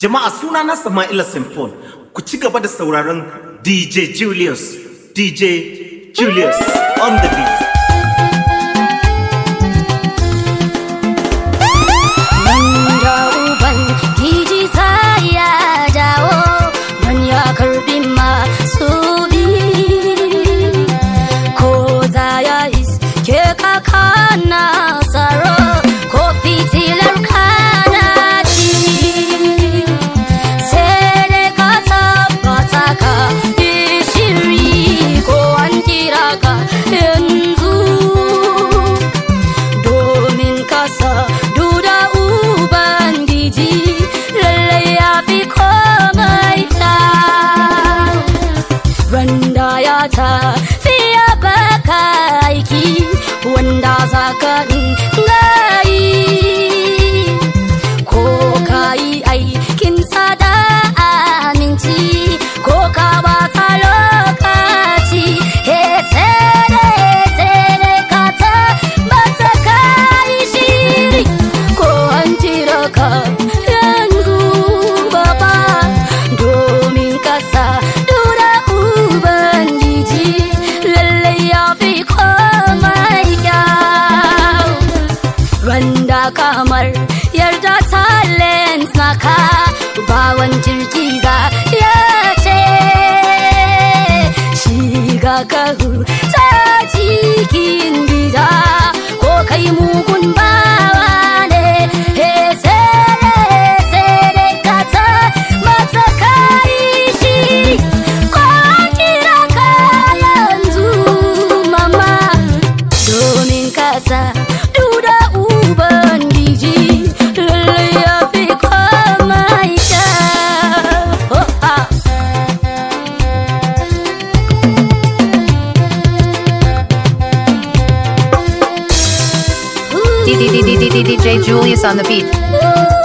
Jama'a suna na Sama'ila Simpon ku ci gaba da sauraron DJ Julius, DJ Julius on the beat. ta fiye baka aiki wanda za ka hawan jirgi ya ce shiga kahu ta cikin gida ko kai mugun ba on the beat.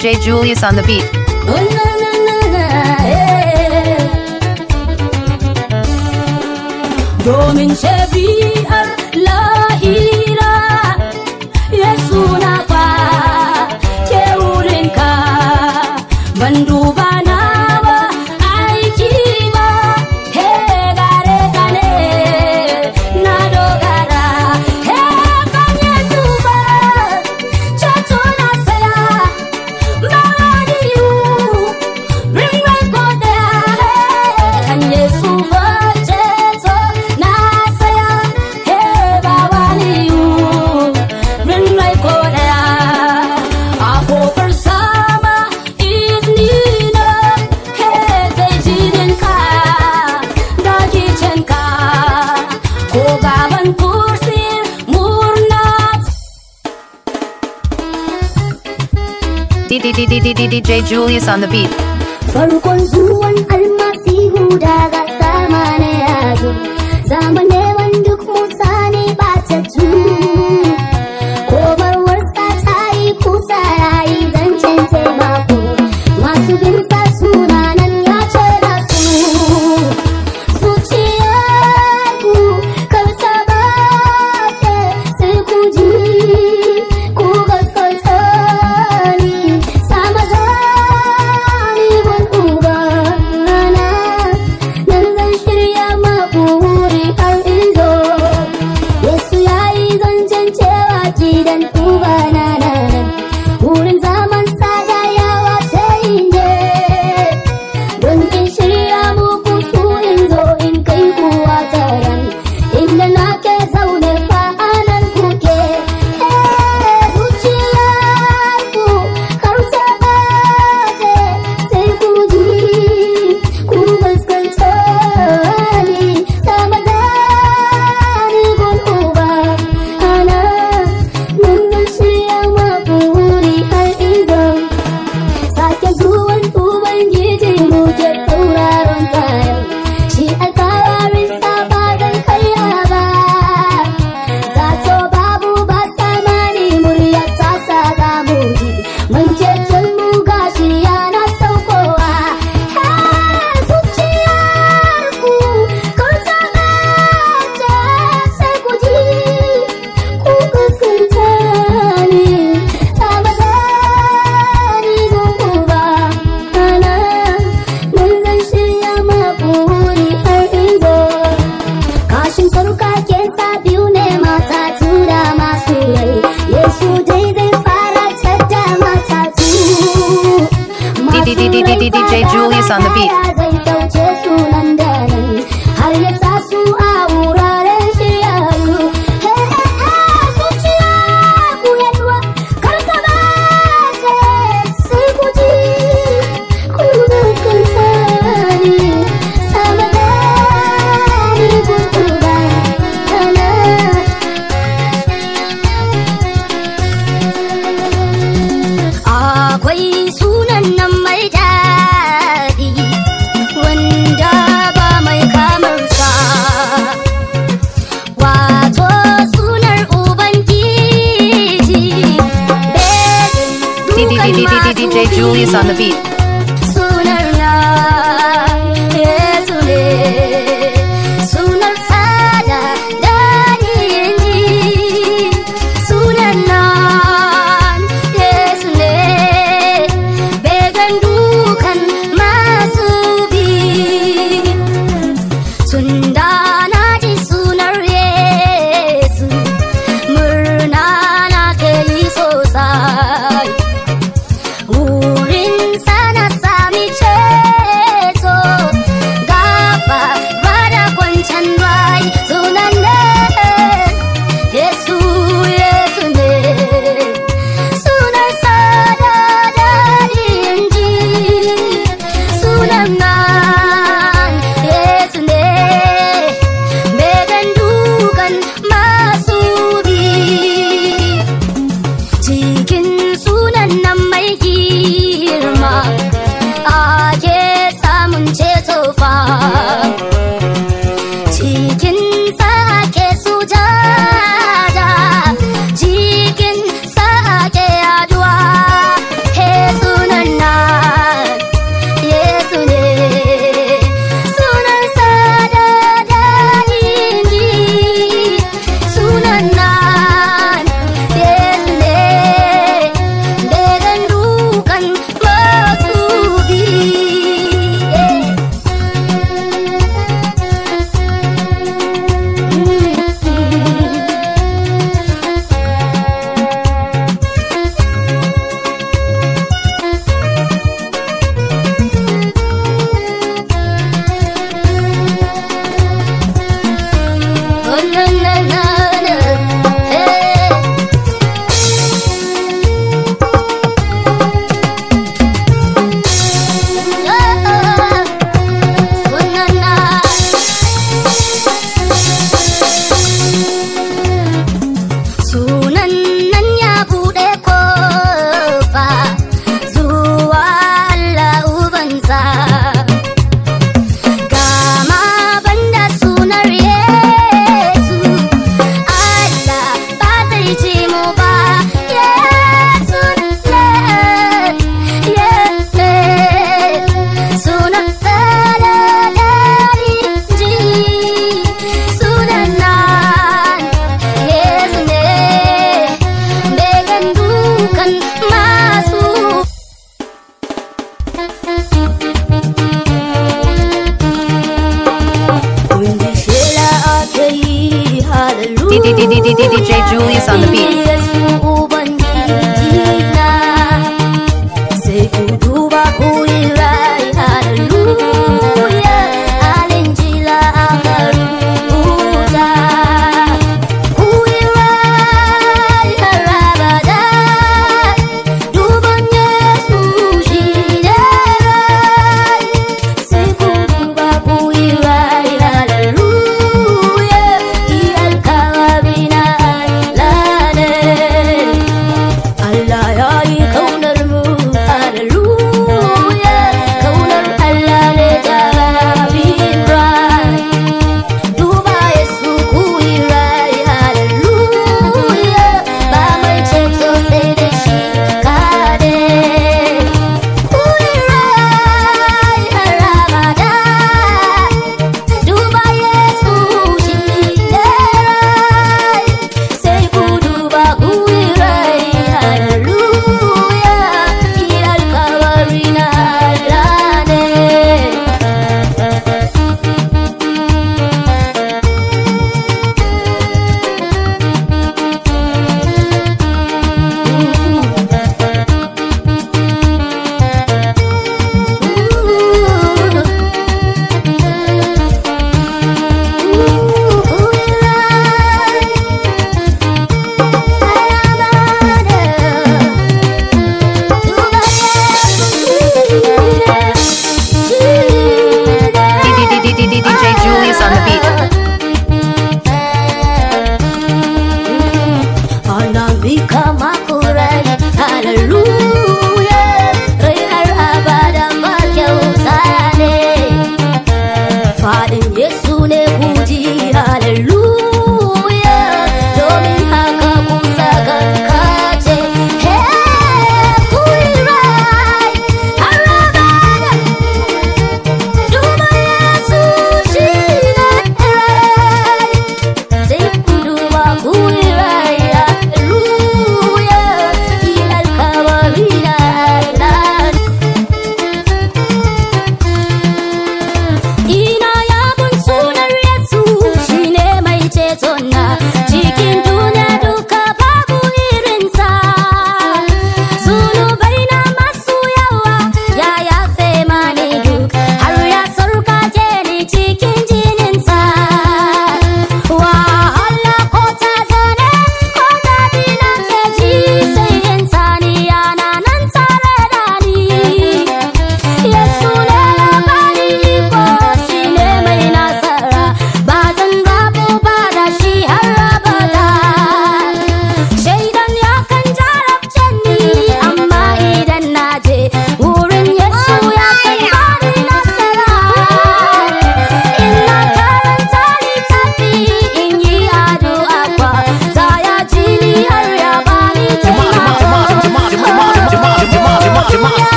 J. Julius on the beat. Domin DJ Julius on the beat. Așin ma ta tura ma Yesu de fara ma ta tu DJ Julius on the beat Police on the beat.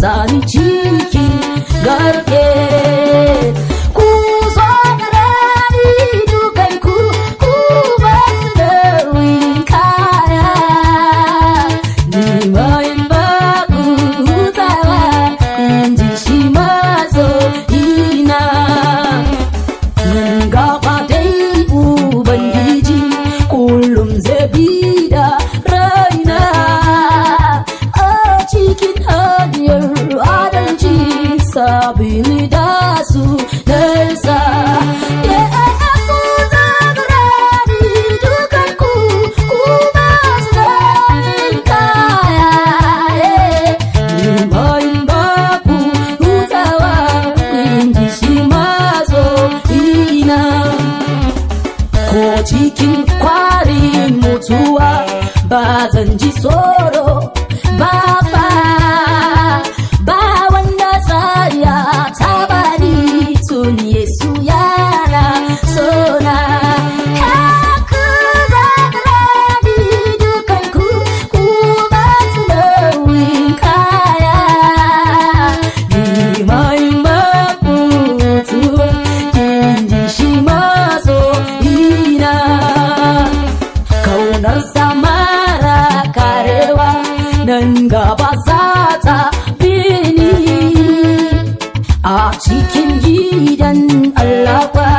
Sanichiki Garke Allah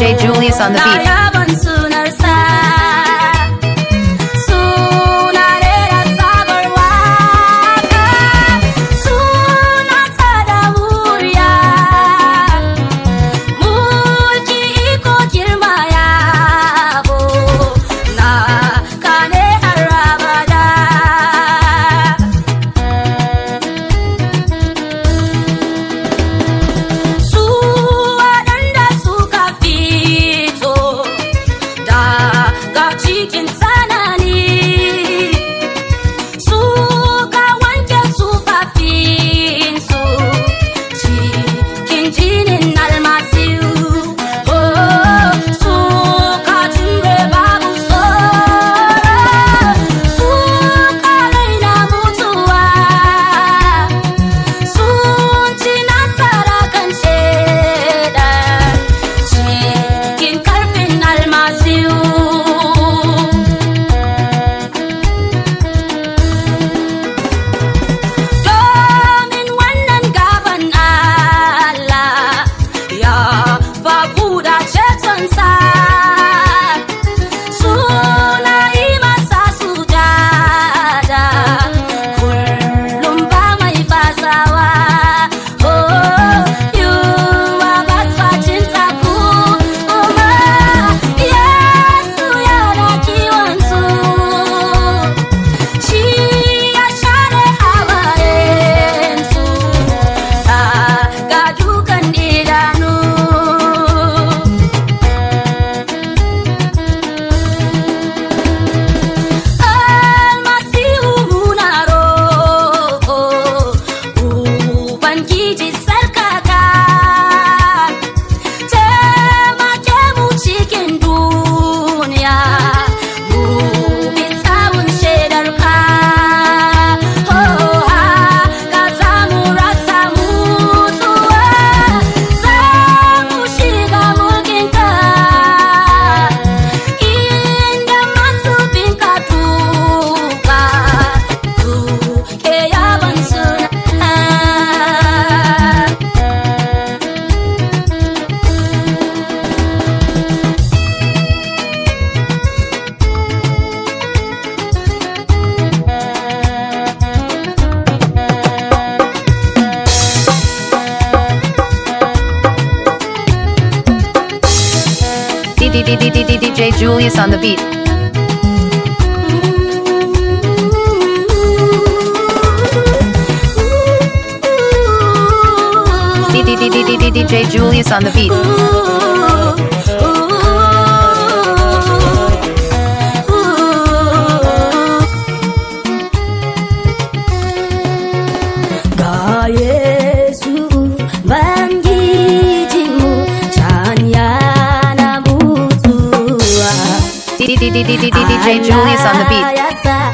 Julius on the beat. DJ Julius on the beat. DJ Julius on the beat.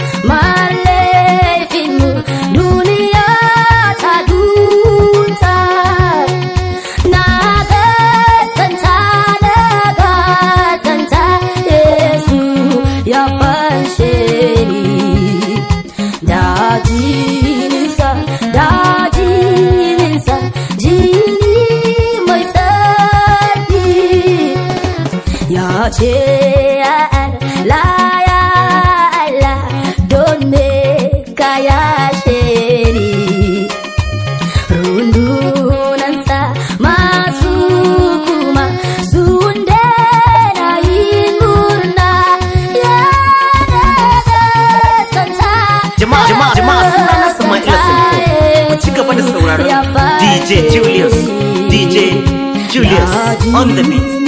yeah, and la ya la, don't make kaya sheni. Rundunan sa masu kuma sunde na yin murna ya DJ Julius, DJ Julius on the beat.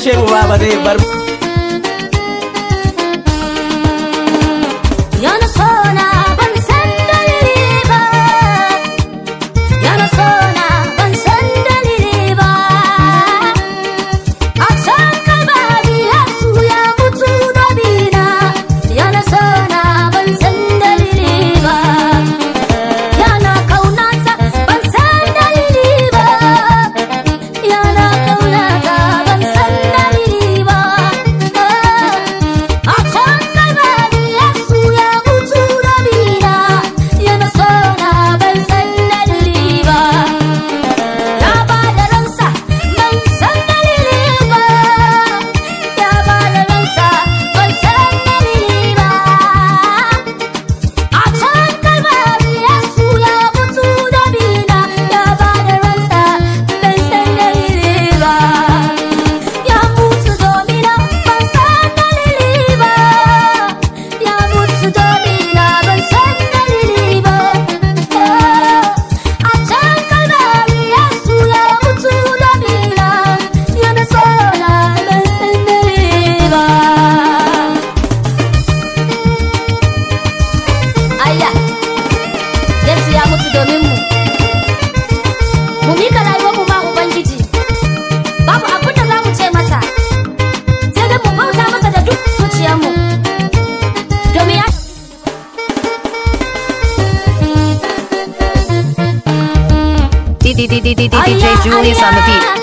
chegou a bater barulho. Julius on the beat.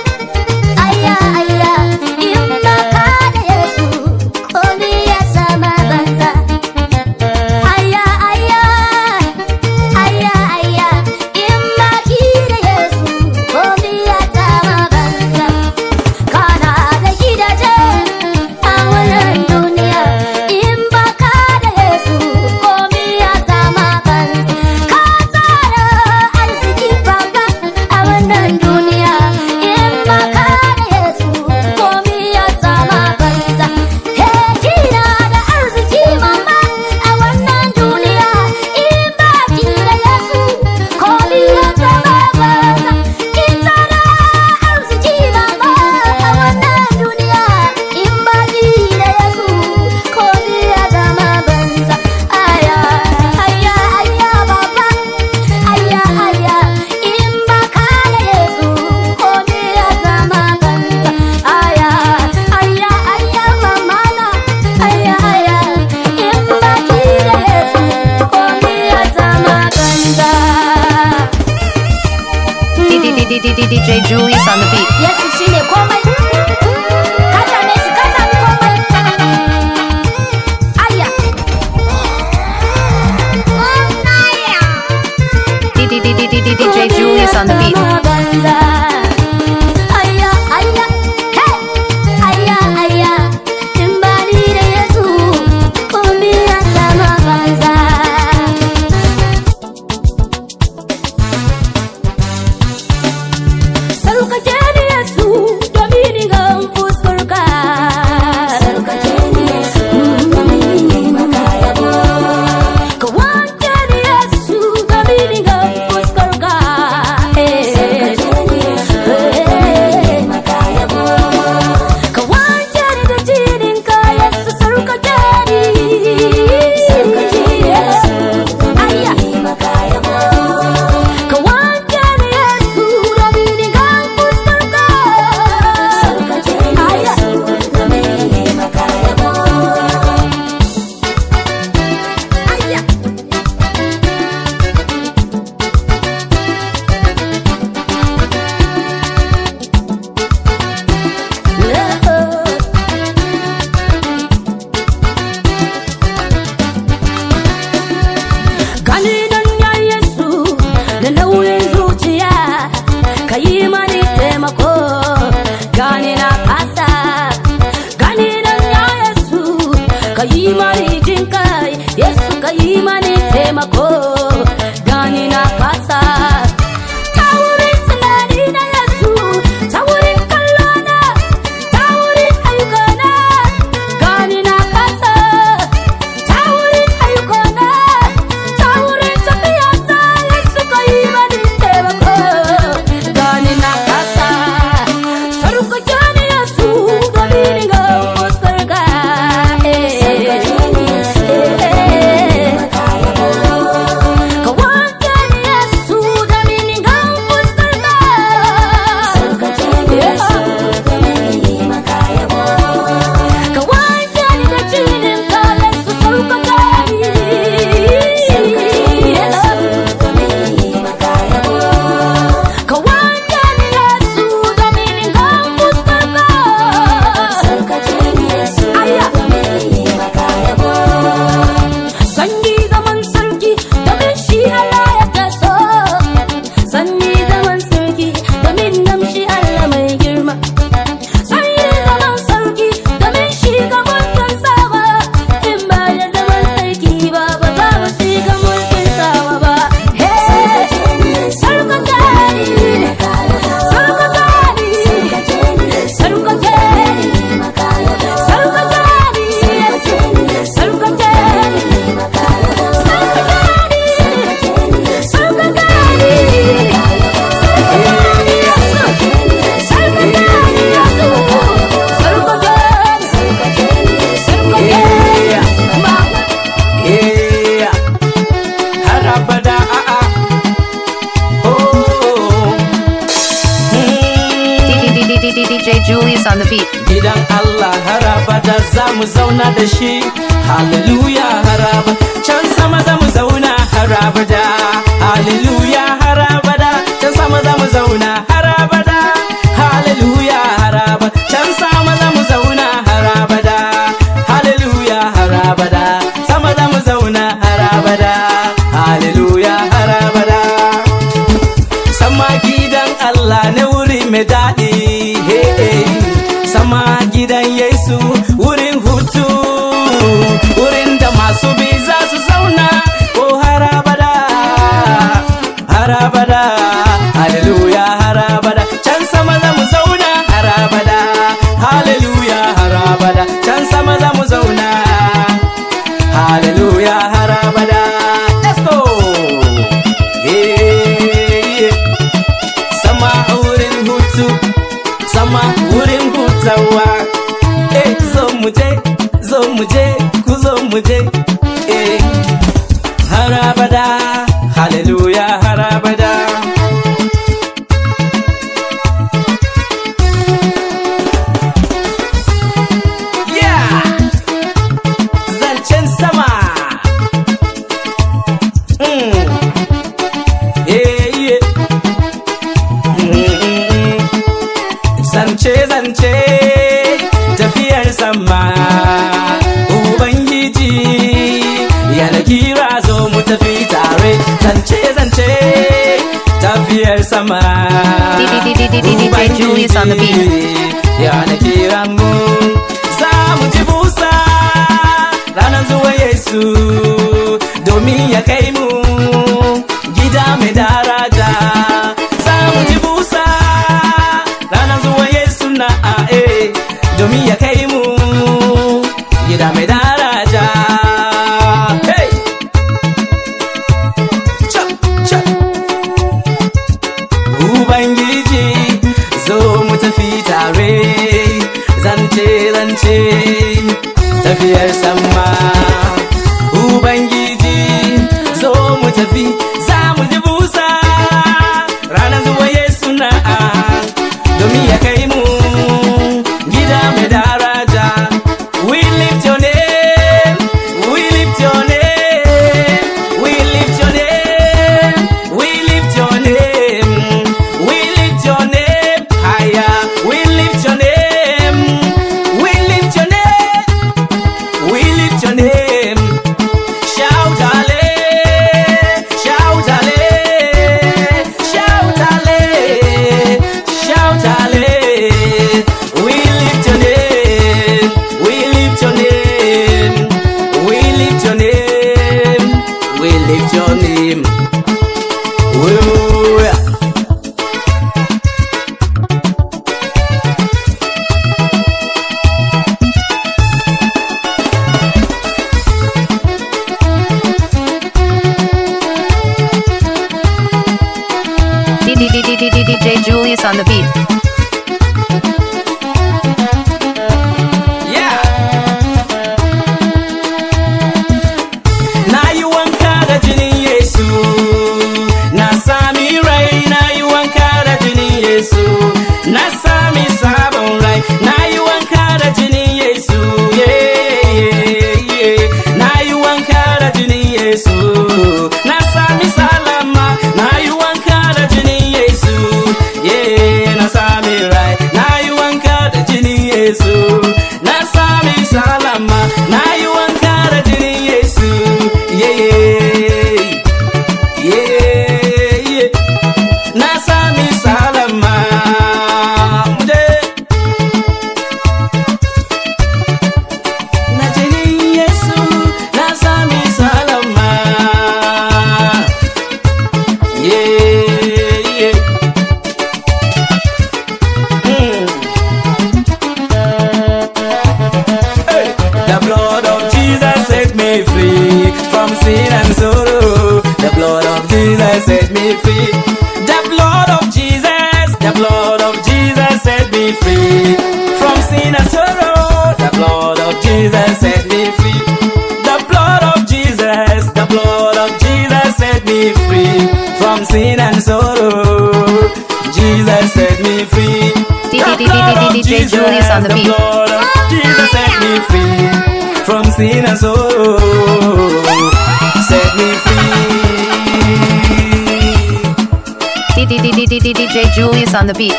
on the beat. Gidan Allah haraba da za mu zauna da shi. Hallelujah haraba. Can sama za mu zauna haraba da. Hallelujah haraba da. Can sama za mu zauna haraba Take. sama didi didi didi didi mu Za mu ji busa Ranar zuwa Yesu Domin ya kai mu Gida mai dara on the, the beat. blood of Jesus set me free from sin and sorrow. Set me free. DJ Julius on the beat.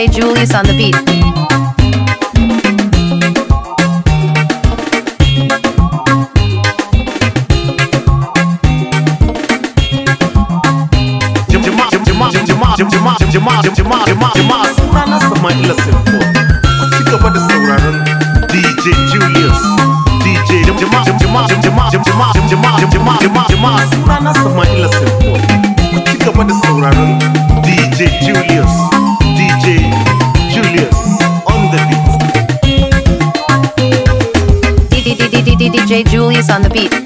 DJ Julius on the beat. Julius J. Julius on the beat.